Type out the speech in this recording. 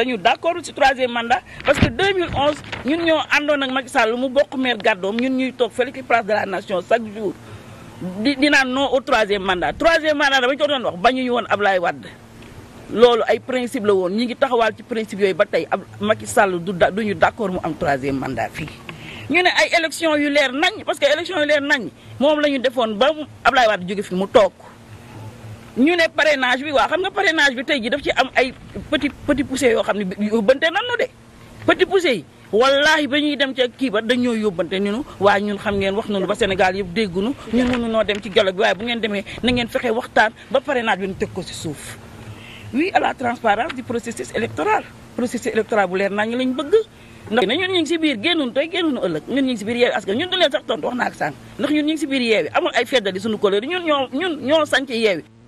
dañu d' accord ci troisième mandat parce que 2011 ñun ñoo àndoon ak Macky Sall mu bokk maire gàddoom ñun ñuy toog fële ci place de la nation chaque jour di di naan non au troisième mandat troisième mandat dama ci doon wax bañu ñu woon Ablaye Wade loolu ay principe la woon ñi ngi taxawaal ci principe yooyu ba tey ab Macky Sall du du ñu accord mu am troisième mandat fii. ñu ne ay élection yu leer nañ parce que élection yu leer nañ moom la ñu defoon ba Ablaye Wade jóge fi mu toog. ñu ne parrainage bi waa xam nga parrainage bi tey ji daf ci am ay petit petit poussé yoo xam ne yóbbante nanu de petit poussé yi wallaahi ba ñuy dem ca kii ba dañoo yóbbante nu waaye ñun xam ngeen wax nañu ba Sénégal yëpp déggunu ñun mënu noo dem ci dialogue bi waaye bu ngeen demee na ngeen fexe waxtaan ba parrainage bi ñu teg ko si suuf oui à la transparence du processus électoral processus électoral bu leer naa ñu lañ bëgg ndax ñun ñu ngi si biir génnuñu tey génnuñu ëllëg ñun ñu si biir yeewi askan ñun du leen sax tontu wax naa ak sànq ndax ñu ngi si